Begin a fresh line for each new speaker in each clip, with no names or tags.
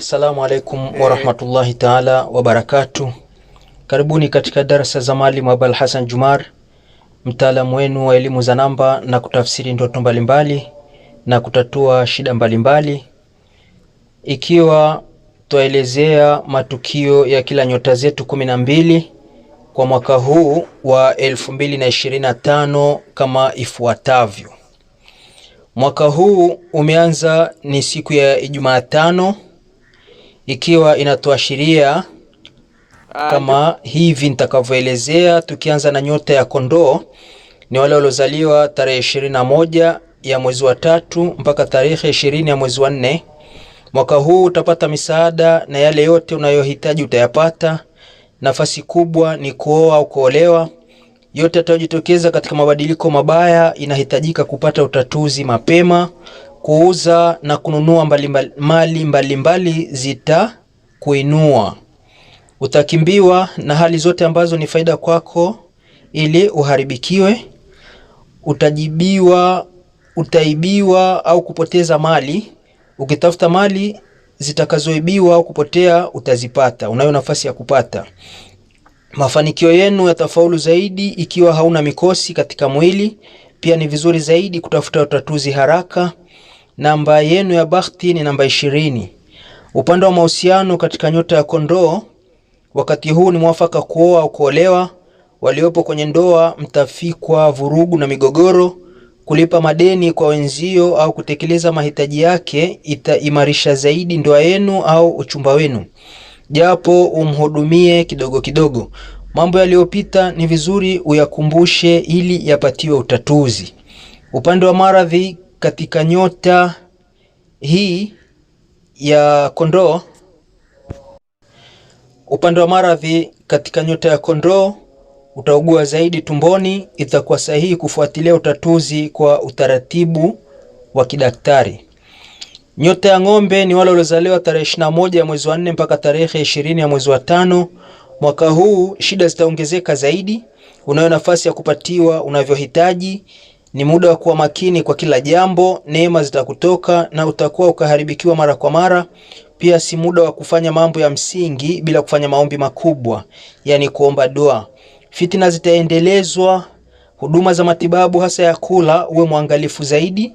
Assalamu alaikum warahmatullahi taala wabarakatu. Karibuni katika darasa za Maalim Abul Hasan Jumar, mtaalamu wenu wa elimu za namba na kutafsiri ndoto mbalimbali na kutatua shida mbalimbali, ikiwa twaelezea matukio ya kila nyota zetu kumi na mbili kwa mwaka huu wa 2025 kama ifuatavyo. Mwaka huu umeanza ni siku ya Ijumaa tano ikiwa inatuashiria ah, kama hivi nitakavyoelezea. Tukianza na nyota ya kondoo, ni wale waliozaliwa tarehe ishirini na moja ya mwezi wa tatu mpaka tarehe ishirini ya mwezi wa nne. Mwaka huu utapata misaada na yale yote unayohitaji utayapata. Nafasi kubwa ni kuoa au kuolewa. Yote yatajitokeza katika mabadiliko mabaya, inahitajika kupata utatuzi mapema kuuza na kununua mbali, mali mbalimbali zitakuinua. Utakimbiwa na hali zote ambazo ni faida kwako ili uharibikiwe. Utajibiwa, utaibiwa au kupoteza mali. Ukitafuta mali zitakazoibiwa au kupotea utazipata. Unayo nafasi ya kupata. Mafanikio yenu yatafaulu zaidi ikiwa hauna mikosi katika mwili. Pia ni vizuri zaidi kutafuta utatuzi haraka namba yenu ya bahati ni namba ishirini. Upande wa mahusiano katika nyota ya kondoo, wakati huu ni mwafaka kuoa au kuolewa. Waliopo kwenye ndoa mtafikwa vurugu na migogoro. Kulipa madeni kwa wenzio au kutekeleza mahitaji yake itaimarisha zaidi ndoa yenu au uchumba wenu, japo umhudumie kidogo kidogo. Mambo yaliyopita ni vizuri uyakumbushe ili yapatiwe utatuzi. Upande wa maradhi katika nyota hii ya kondoo, upande wa maradhi katika nyota ya kondoo utaugua zaidi tumboni, itakuwa sahihi kufuatilia utatuzi kwa utaratibu wa kidaktari. Nyota ya ng'ombe ni wale waliozaliwa tarehe moja ya mwezi wa nne mpaka tarehe ishirini ya mwezi wa tano. Mwaka huu shida zitaongezeka zaidi. Unayo nafasi ya kupatiwa unavyohitaji. Ni muda wa kuwa makini kwa kila jambo. Neema zitakutoka na utakuwa ukaharibikiwa mara kwa mara. Pia si muda wa kufanya mambo ya msingi bila kufanya maombi makubwa, yani kuomba dua. Fitina zitaendelezwa. Huduma za matibabu hasa ya kula, uwe mwangalifu zaidi,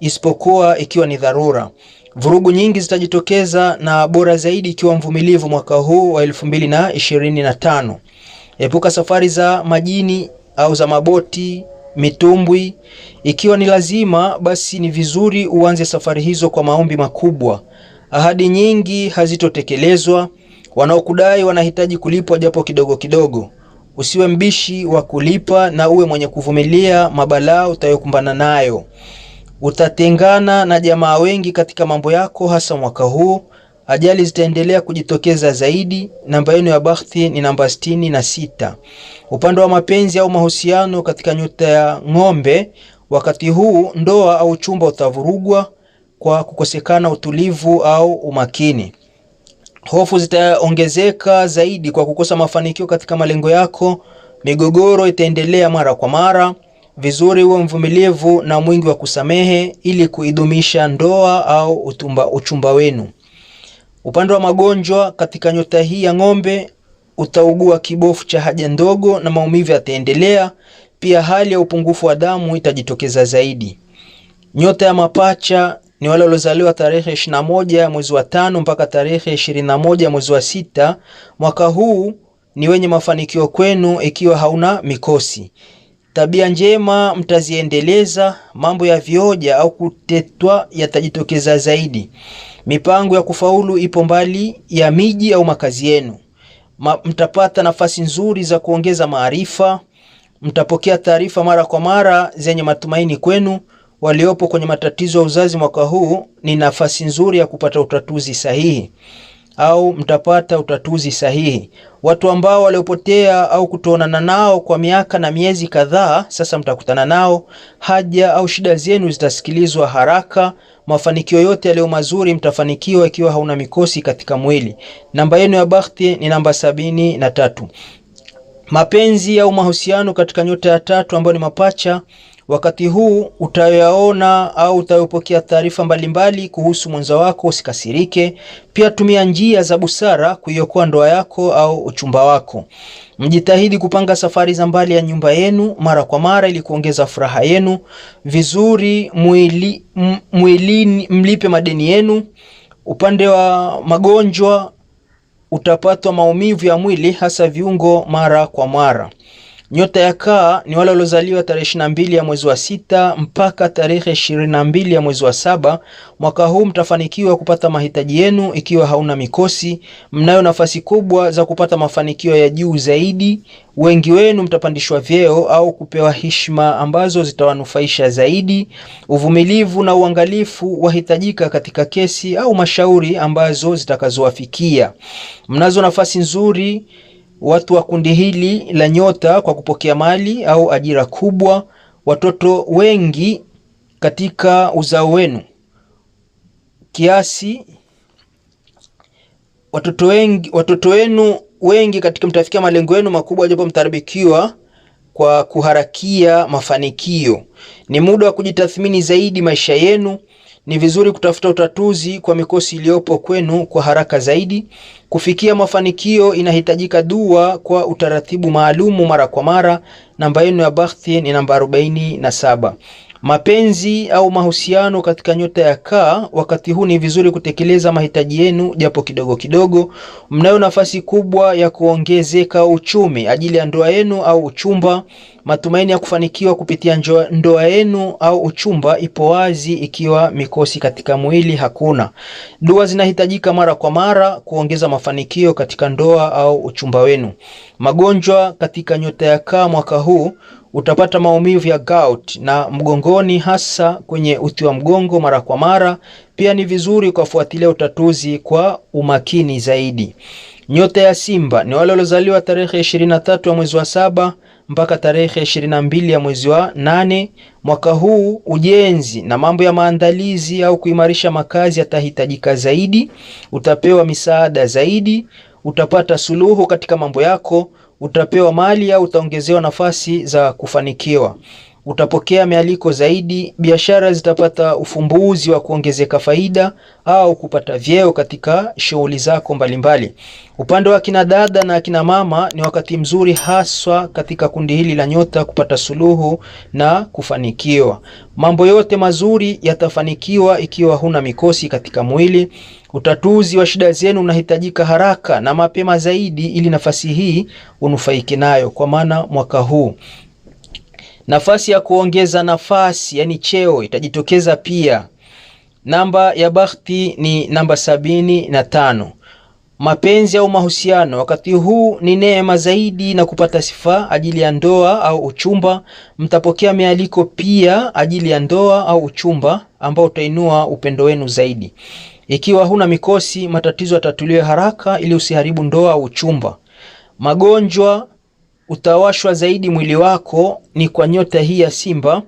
isipokuwa ikiwa ni dharura. Vurugu nyingi zitajitokeza, na bora zaidi ikiwa mvumilivu mwaka huu wa 2025. Epuka safari za majini au za maboti mitumbwi. Ikiwa ni lazima, basi ni vizuri uanze safari hizo kwa maombi makubwa. Ahadi nyingi hazitotekelezwa. Wanaokudai wanahitaji kulipwa japo kidogo kidogo. Usiwe mbishi wa kulipa na uwe mwenye kuvumilia mabalaa utayokumbana nayo. Utatengana na jamaa wengi katika mambo yako, hasa mwaka huu. Ajali zitaendelea kujitokeza zaidi. Namba yenu ya bahati ni namba sitini na sita. Upande wa mapenzi au mahusiano katika nyota ya ng'ombe, wakati huu ndoa au chumba utavurugwa kwa kukosekana utulivu au umakini. Hofu zitaongezeka zaidi kwa kukosa mafanikio katika malengo yako. Migogoro itaendelea mara kwa mara. Vizuri uwe mvumilivu na mwingi wa kusamehe ili kuidumisha ndoa au utumba uchumba wenu. Upande wa magonjwa katika nyota hii ya ng'ombe utaugua kibofu cha haja ndogo na maumivu yataendelea. Pia hali ya upungufu wa damu itajitokeza zaidi. Nyota ya mapacha ni wale waliozaliwa tarehe 21 mwezi wa tano mpaka tarehe 21 mwezi wa sita mwaka huu ni wenye mafanikio kwenu ikiwa hauna mikosi. Tabia njema mtaziendeleza, mambo ya vioja au kutetwa yatajitokeza zaidi. Mipango ya kufaulu ipo mbali ya miji au makazi yenu. Ma, mtapata nafasi nzuri za kuongeza maarifa. Mtapokea taarifa mara kwa mara zenye matumaini kwenu. Waliopo kwenye matatizo ya uzazi mwaka huu ni nafasi nzuri ya kupata utatuzi sahihi au mtapata utatuzi sahihi. Watu ambao waliopotea au kutoonana nao kwa miaka na miezi kadhaa, sasa mtakutana nao. Haja au shida zenu zitasikilizwa haraka. Mafanikio yote yaliyo mazuri mtafanikiwa ikiwa hauna mikosi katika mwili. Namba yenu ya bahati ni namba sabini na tatu. Mapenzi au mahusiano katika nyota ya tatu ambayo ni mapacha Wakati huu utayaona au utayopokea taarifa mbalimbali kuhusu mwenza wako, usikasirike. Pia tumia njia za busara kuiokoa ndoa yako au uchumba wako. Mjitahidi kupanga safari za mbali ya nyumba yenu mara kwa mara ili kuongeza furaha yenu. Vizuri mwili, mwilini, mlipe madeni yenu. Upande wa magonjwa, utapatwa maumivu ya mwili hasa viungo mara kwa mara. Nyota ya kaa ni wale waliozaliwa tarehe 22 ya mwezi wa sita mpaka tarehe 22 ya mwezi wa saba. Mwaka huu mtafanikiwa kupata mahitaji yenu ikiwa hauna mikosi. Mnayo nafasi kubwa za kupata mafanikio ya juu zaidi. Wengi wenu mtapandishwa vyeo au kupewa heshima ambazo zitawanufaisha zaidi. Uvumilivu na uangalifu wahitajika katika kesi au mashauri ambazo zitakazowafikia. Mnazo nafasi nzuri watu wa kundi hili la nyota kwa kupokea mali au ajira kubwa. Watoto wengi katika uzao wenu kiasi watoto wengi, watoto wenu wengi katika mtafikia malengo yenu makubwa, japo mtarabikiwa kwa kuharakia mafanikio. Ni muda wa kujitathmini zaidi maisha yenu ni vizuri kutafuta utatuzi kwa mikosi iliyopo kwenu kwa haraka zaidi. Kufikia mafanikio, inahitajika dua kwa utaratibu maalumu mara kwa mara. Namba yenu ya bakhthi ni namba 47 mapenzi au mahusiano katika nyota ya kaa, wakati huu ni vizuri kutekeleza mahitaji yenu japo kidogo kidogo. Mnayo nafasi kubwa ya kuongezeka uchumi ajili ya ndoa yenu au uchumba. Matumaini ya kufanikiwa kupitia ndoa yenu au uchumba ipo wazi, ikiwa mikosi katika mwili hakuna. Dua zinahitajika mara kwa mara kuongeza mafanikio katika ndoa au uchumba wenu. Magonjwa katika nyota ya kaa mwaka huu Utapata maumivu ya gout na mgongoni, hasa kwenye uti wa mgongo mara kwa mara. Pia ni vizuri ukafuatilia utatuzi kwa umakini zaidi. Nyota ya Simba ni wale waliozaliwa tarehe 23 ya mwezi wa saba mpaka tarehe 22 ya mwezi wa nane mwaka huu. Ujenzi na mambo ya maandalizi au kuimarisha makazi yatahitajika zaidi, utapewa misaada zaidi, utapata suluhu katika mambo yako utapewa mali au utaongezewa nafasi za kufanikiwa utapokea mialiko zaidi, biashara zitapata ufumbuzi wa kuongezeka faida au kupata vyeo katika shughuli zako mbalimbali. Upande wa kina dada na kina mama ni wakati mzuri haswa katika kundi hili la nyota kupata suluhu na kufanikiwa. Mambo yote mazuri yatafanikiwa ikiwa huna mikosi katika mwili. Utatuzi wa shida zenu unahitajika haraka na mapema zaidi, ili nafasi hii unufaike nayo, kwa maana mwaka huu Nafasi ya kuongeza nafasi yani cheo itajitokeza pia. Namba ya bakhti ni namba sabini na tano. Mapenzi au mahusiano wakati huu ni neema zaidi na kupata sifa ajili ya ndoa au uchumba. Mtapokea mialiko pia ajili ya ndoa au uchumba ambao utainua upendo wenu zaidi. Ikiwa huna mikosi, matatizo yatatuliwa haraka ili usiharibu ndoa au uchumba. Magonjwa utawashwa zaidi mwili wako ni kwa nyota hii ya simba,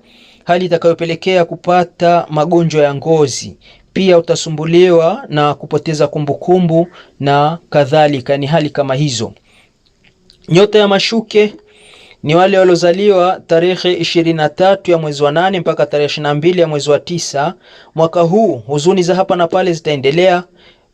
hali itakayopelekea kupata magonjwa ya ngozi. Pia utasumbuliwa na kupoteza kumbukumbu -kumbu na kadhalika, ni hali kama hizo. Nyota ya mashuke ni wale waliozaliwa tarehe 23 ya mwezi wa nane mpaka tarehe 22 ya mwezi wa tisa mwaka huu. Huzuni za hapa na pale zitaendelea,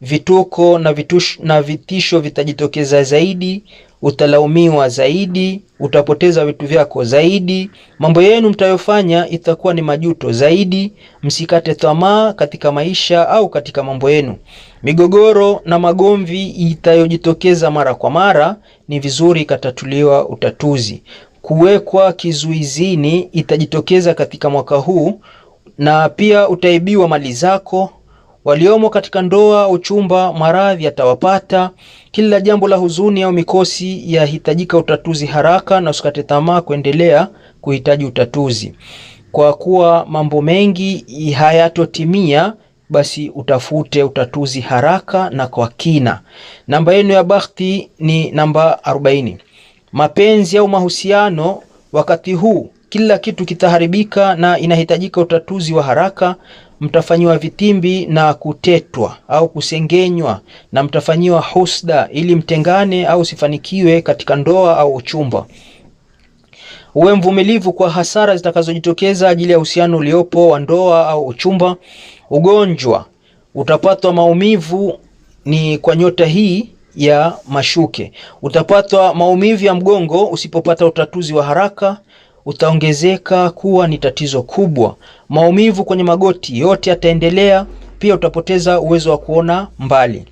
vituko na, vitush, na vitisho vitajitokeza zaidi utalaumiwa zaidi, utapoteza vitu vyako zaidi. Mambo yenu mtayofanya itakuwa ni majuto zaidi. Msikate tamaa katika maisha au katika mambo yenu. Migogoro na magomvi itayojitokeza mara kwa mara ni vizuri ikatatuliwa utatuzi. Kuwekwa kizuizini itajitokeza katika mwaka huu, na pia utaibiwa mali zako waliomo katika ndoa, uchumba, maradhi yatawapata. Kila jambo la huzuni au mikosi yahitajika utatuzi haraka, na usikate tamaa kuendelea kuhitaji utatuzi, kwa kuwa mambo mengi hayatotimia basi utafute utatuzi haraka na kwa kina. Namba yenu ya bahati ni namba 40. Mapenzi au mahusiano, wakati huu kila kitu kitaharibika na inahitajika utatuzi wa haraka mtafanyiwa vitimbi na kutetwa au kusengenywa, na mtafanyiwa husda, ili mtengane au sifanikiwe katika ndoa au uchumba. Uwe mvumilivu kwa hasara zitakazojitokeza ajili ya uhusiano uliopo wa ndoa au uchumba. Ugonjwa, utapatwa maumivu ni kwa nyota hii ya mashuke, utapatwa maumivu ya mgongo usipopata utatuzi wa haraka utaongezeka kuwa ni tatizo kubwa. Maumivu kwenye magoti yote yataendelea, pia utapoteza uwezo wa kuona mbali.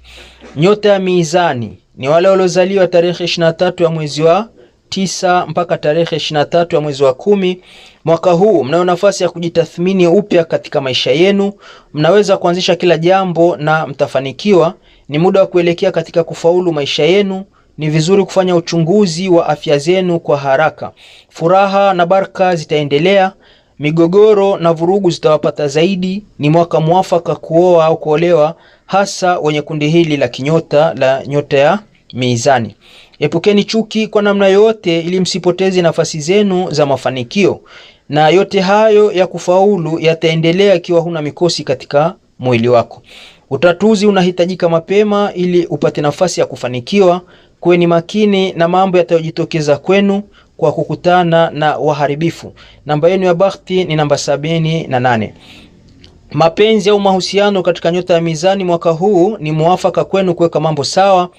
Nyota ya mizani ni wale waliozaliwa tarehe 23 ya mwezi wa tisa mpaka tarehe 23 ya mwezi wa kumi mwaka huu. Mnayo nafasi ya kujitathmini upya katika maisha yenu. Mnaweza kuanzisha kila jambo na mtafanikiwa. Ni muda wa kuelekea katika kufaulu maisha yenu. Ni vizuri kufanya uchunguzi wa afya zenu kwa haraka. Furaha na baraka zitaendelea, migogoro na vurugu zitawapata zaidi. Ni mwaka mwafaka kuoa au kuolewa, hasa wenye kundi hili la kinyota la nyota ya Mizani. Epukeni chuki kwa namna yoyote, ili msipoteze nafasi zenu za mafanikio, na yote hayo ya kufaulu yataendelea ikiwa huna mikosi katika mwili wako. Utatuzi unahitajika mapema ili upate nafasi ya kufanikiwa kweni makini na mambo yatayojitokeza kwenu kwa kukutana na waharibifu. Namba yenu ya bakhti ni namba sabini na nane. Mapenzi au mahusiano katika nyota ya mizani mwaka huu ni mwafaka kwenu kuweka mambo sawa.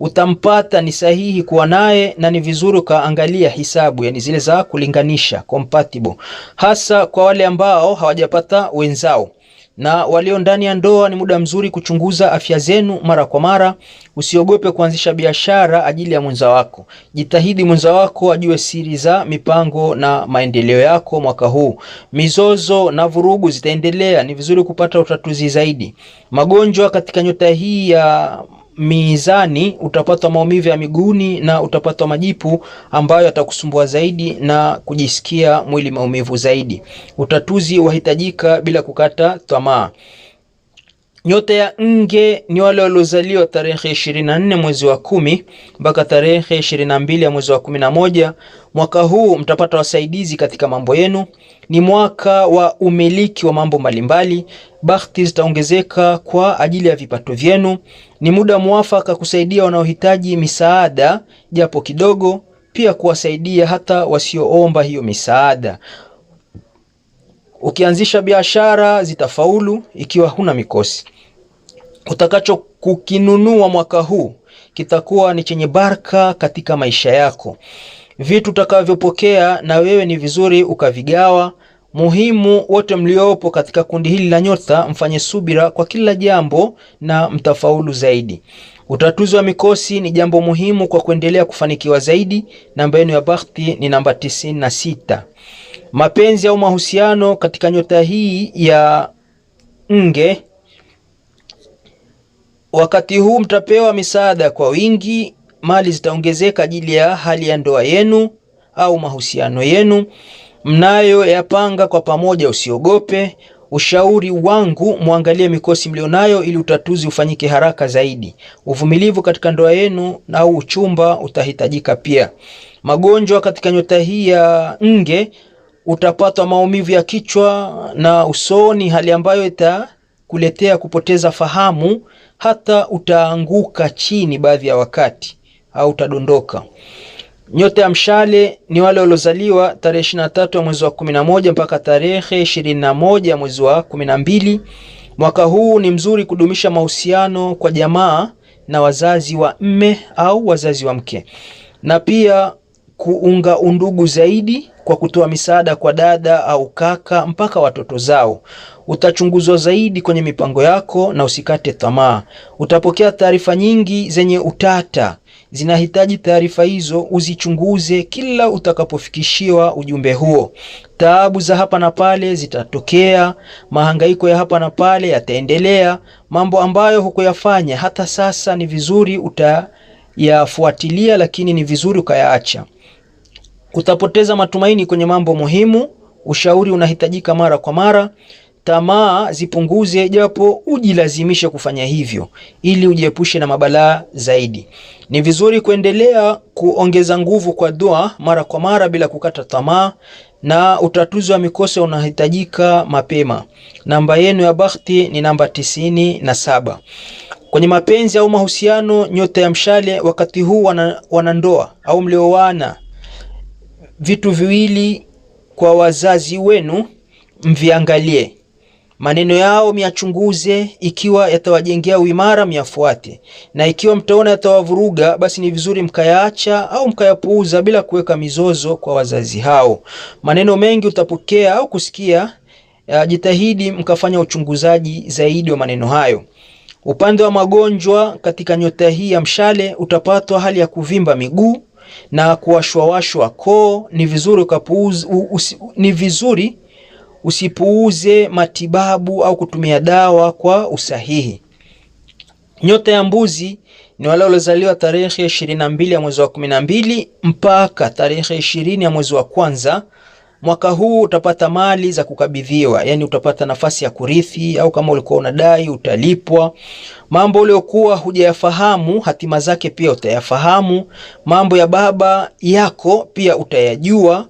Utampata ni sahihi kuwa naye, na ni vizuri ukaangalia hisabu, yani zile za kulinganisha compatible, hasa kwa wale ambao hawajapata wenzao na walio ndani ya ndoa ni muda mzuri kuchunguza afya zenu mara kwa mara. Usiogope kuanzisha biashara ajili ya mwenza wako. Jitahidi mwenza wako ajue siri za mipango na maendeleo yako mwaka huu. Mizozo na vurugu zitaendelea, ni vizuri kupata utatuzi zaidi. Magonjwa katika nyota hii ya mizani, utapatwa maumivu ya miguuni na utapatwa majipu ambayo yatakusumbua zaidi na kujisikia mwili maumivu zaidi. Utatuzi wahitajika bila kukata tamaa. Nyota ya nge ni wale waliozaliwa tarehe 24 mwezi wa kumi mpaka tarehe 22 ya mwezi wa kumi na moja Mwaka huu mtapata wasaidizi katika mambo yenu. Ni mwaka wa umiliki wa mambo mbalimbali. Bahati zitaongezeka kwa ajili ya vipato vyenu. Ni muda mwafaka kusaidia wanaohitaji misaada japo kidogo, pia kuwasaidia hata wasioomba hiyo misaada. Ukianzisha biashara zitafaulu ikiwa huna mikosi. Utakacho kukinunua mwaka huu kitakuwa ni chenye baraka katika maisha yako. Vitu utakavyopokea na wewe ni vizuri ukavigawa. Muhimu wote mliopo katika kundi hili la nyota mfanye subira kwa kila jambo na mtafaulu zaidi. Utatuzi wa mikosi ni jambo muhimu kwa kuendelea kufanikiwa zaidi. Namba yenu ya bahati ni namba 96 mapenzi au mahusiano katika nyota hii ya nge, wakati huu mtapewa misaada kwa wingi, mali zitaongezeka ajili ya hali ya ndoa yenu au mahusiano yenu mnayoyapanga kwa pamoja. Usiogope ushauri wangu, mwangalie mikosi mlionayo ili utatuzi ufanyike haraka zaidi. Uvumilivu katika ndoa yenu au uchumba utahitajika pia. Magonjwa katika nyota hii ya nge utapatwa maumivu ya kichwa na usoni, hali ambayo itakuletea kupoteza fahamu, hata utaanguka chini baadhi ya wakati au utadondoka. Nyota ya mshale ni wale waliozaliwa tarehe 23 ya mwezi wa 11 mpaka tarehe 21 ya mwezi wa 12. Mwaka huu ni mzuri kudumisha mahusiano kwa jamaa na wazazi wa mme au wazazi wa mke, na pia kuunga undugu zaidi kwa kutoa misaada kwa dada au kaka mpaka watoto zao. Utachunguzwa zaidi kwenye mipango yako na usikate tamaa. Utapokea taarifa nyingi zenye utata, zinahitaji taarifa hizo uzichunguze kila utakapofikishiwa ujumbe huo. Taabu za hapa na pale zitatokea, mahangaiko ya hapa na pale yataendelea. Mambo ambayo hukuyafanya hata sasa ni vizuri utayafuatilia, lakini ni vizuri ukayaacha. Utapoteza matumaini kwenye mambo muhimu. Ushauri unahitajika mara kwa mara. Tamaa zipunguze, japo ujilazimishe kufanya hivyo ili ujiepushe na mabalaa zaidi. Ni vizuri kuendelea kuongeza nguvu kwa dua mara kwa mara bila kukata tamaa, na utatuzi wa mikosa unahitajika mapema. Namba yenu ya bakhti ni namba tisini na saba. Kwenye mapenzi au mahusiano, nyota ya mshale wakati huu wanandoa au mlioana vitu viwili kwa wazazi wenu mviangalie, maneno yao myachunguze, ikiwa yatawajengea uimara myafuate, na ikiwa mtaona yatawavuruga, basi ni vizuri mkayaacha au mkayapuuza bila kuweka mizozo kwa wazazi hao. Maneno mengi utapokea au kusikia, jitahidi mkafanya uchunguzaji zaidi wa maneno hayo. Upande wa magonjwa, katika nyota hii ya mshale utapatwa hali ya kuvimba miguu na kuwashwawashwa koo, ni vizuri ukapuuze, ni vizuri usipuuze matibabu au kutumia dawa kwa usahihi. Nyota ya mbuzi ni wale waliozaliwa tarehe 22 ya mwezi wa 12 mpaka tarehe 20 ya mwezi wa kwanza mwaka huu utapata mali za kukabidhiwa, yani utapata nafasi ya kurithi, au kama ulikuwa unadai utalipwa. Mambo uliokuwa hujayafahamu hatima zake pia utayafahamu. Mambo ya baba yako pia utayajua.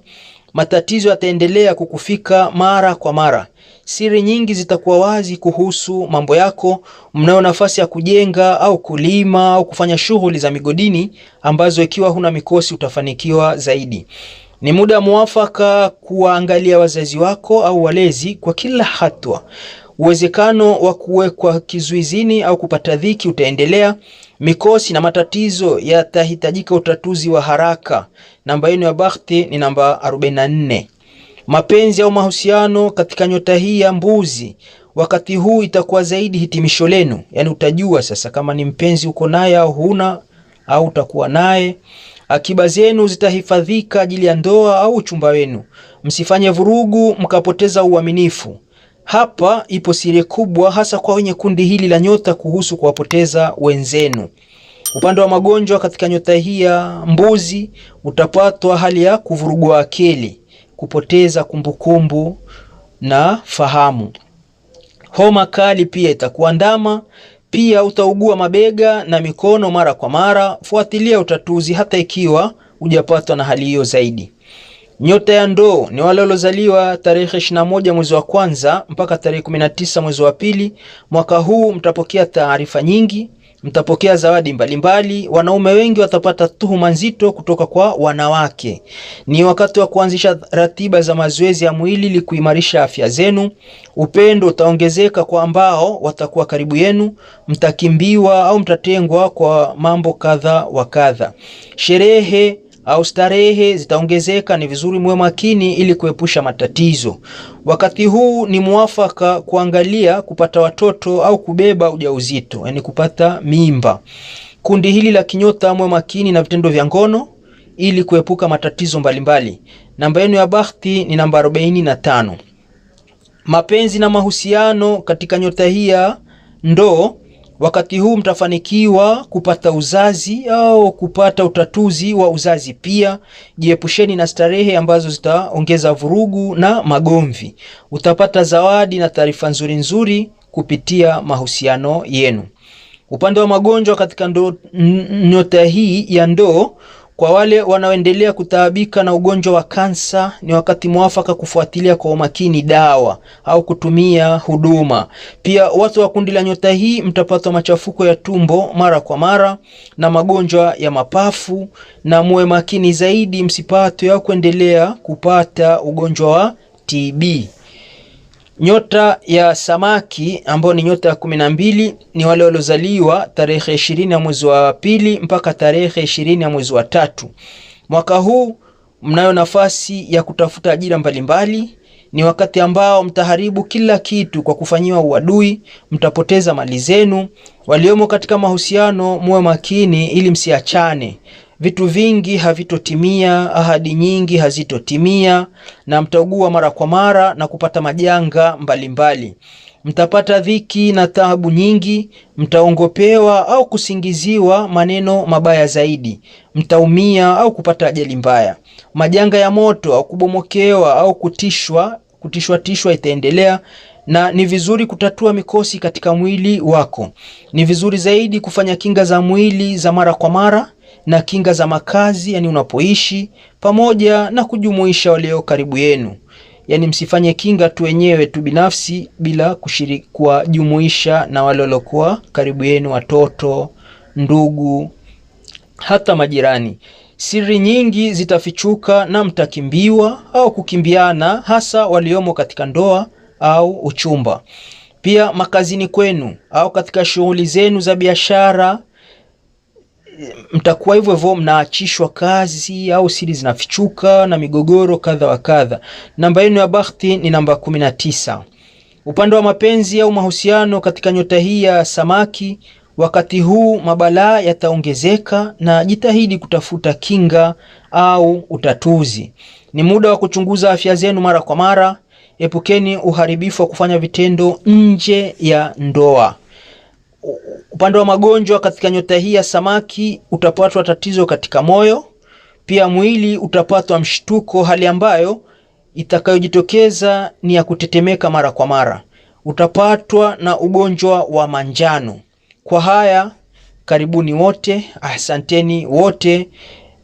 Matatizo yataendelea kukufika mara kwa mara. Siri nyingi zitakuwa wazi kuhusu mambo yako. Mnayo nafasi ya kujenga au kulima au kufanya shughuli za migodini ambazo ikiwa huna mikosi utafanikiwa zaidi. Ni muda mwafaka kuwaangalia wazazi wako au walezi kwa kila hatua. Uwezekano wa kuwekwa kizuizini au kupata dhiki utaendelea. Mikosi na matatizo yatahitajika utatuzi wa haraka. Namba yenu ya bahati ni namba 44. Mapenzi au mahusiano katika nyota hii ya mbuzi wakati huu itakuwa zaidi hitimisho lenu, yaani utajua sasa kama ni mpenzi uko naye au huna, au utakuwa naye. Akiba zenu zitahifadhika ajili ya ndoa au uchumba wenu. Msifanye vurugu mkapoteza uaminifu. Hapa ipo siri kubwa, hasa kwa wenye kundi hili la nyota, kuhusu kuwapoteza wenzenu. Upande wa magonjwa, katika nyota hii ya mbuzi utapatwa hali ya kuvurugwa akili, kupoteza kumbukumbu na fahamu. Homa kali pia itakuandama pia utaugua mabega na mikono mara kwa mara. Fuatilia utatuzi hata ikiwa hujapatwa na hali hiyo zaidi. Nyota ya ndoo ni wale waliozaliwa tarehe 21 mwezi wa kwanza mpaka tarehe 19 mwezi wa pili. Mwaka huu mtapokea taarifa nyingi mtapokea zawadi mbalimbali mbali. Wanaume wengi watapata tuhuma nzito kutoka kwa wanawake. Ni wakati wa kuanzisha ratiba za mazoezi ya mwili ili kuimarisha afya zenu. Upendo utaongezeka kwa ambao watakuwa karibu yenu. Mtakimbiwa au mtatengwa kwa mambo kadha wa kadha. Sherehe au starehe zitaongezeka, ni vizuri muwe makini ili kuepusha matatizo. Wakati huu ni muafaka kuangalia kupata watoto au kubeba ujauzito, yani kupata mimba. Kundi hili la kinyota, muwe makini na vitendo vya ngono ili kuepuka matatizo mbalimbali. Namba yenu ya bahati ni namba 45. Mapenzi na mahusiano katika nyota hii ya ndoo Wakati huu mtafanikiwa kupata uzazi au kupata utatuzi wa uzazi. Pia jiepusheni na starehe ambazo zitaongeza vurugu na magomvi. Utapata zawadi na taarifa nzuri nzuri kupitia mahusiano yenu. Upande wa magonjwa katika nyota hii ya ndoo kwa wale wanaoendelea kutaabika na ugonjwa wa kansa, ni wakati mwafaka kufuatilia kwa umakini dawa au kutumia huduma. Pia watu wa kundi la nyota hii mtapatwa machafuko ya tumbo mara kwa mara na magonjwa ya mapafu, na muwe makini zaidi msipatwe au kuendelea kupata ugonjwa wa TB. Nyota ya samaki ambao ni nyota ya kumi na mbili ni wale waliozaliwa tarehe ishirini ya mwezi wa pili mpaka tarehe ishirini ya mwezi wa tatu. Mwaka huu mnayo nafasi ya kutafuta ajira mbalimbali. Ni wakati ambao mtaharibu kila kitu kwa kufanyiwa uadui, mtapoteza mali zenu. Waliomo katika mahusiano muwe makini ili msiachane vitu vingi havitotimia, ahadi nyingi hazitotimia, na mtaugua mara kwa mara na kupata majanga mbalimbali mbali. Mtapata dhiki na taabu nyingi, mtaongopewa au kusingiziwa maneno mabaya zaidi, mtaumia au kupata ajali mbaya. Majanga ya moto au kubomokewa au kutishwa, kutishwa tishwa itaendelea na ni vizuri kutatua mikosi katika mwili wako. Ni vizuri zaidi kufanya kinga za mwili za mara kwa mara na kinga za makazi, yani unapoishi, pamoja na kujumuisha walio karibu yenu. Yani msifanye kinga tu wenyewe tu binafsi bila kuwajumuisha na wale waliokuwa karibu yenu, watoto, ndugu, hata majirani. Siri nyingi zitafichuka na mtakimbiwa au kukimbiana, hasa waliomo katika ndoa au uchumba. Pia makazini kwenu au katika shughuli zenu za biashara mtakuwa hivyo hivyo mnaachishwa kazi au siri zinafichuka na migogoro kadha wa kadha. Namba yenu ya bahati ni namba 19. Upande wa mapenzi au mahusiano katika nyota hii ya samaki, wakati huu mabalaa yataongezeka na jitahidi kutafuta kinga au utatuzi. Ni muda wa kuchunguza afya zenu mara kwa mara. Epukeni uharibifu wa kufanya vitendo nje ya ndoa upande wa magonjwa katika nyota hii ya samaki utapatwa tatizo katika moyo, pia mwili utapatwa mshtuko, hali ambayo itakayojitokeza ni ya kutetemeka mara kwa mara. Utapatwa na ugonjwa wa manjano. Kwa haya karibuni wote, asanteni wote.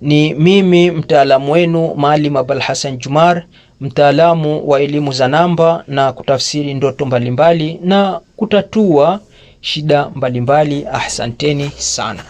Ni mimi mtaalamu wenu Maalim Abul Hassan Jumar, mtaalamu wa elimu za namba na kutafsiri ndoto mbalimbali na kutatua shida mbalimbali. Ahsanteni sana.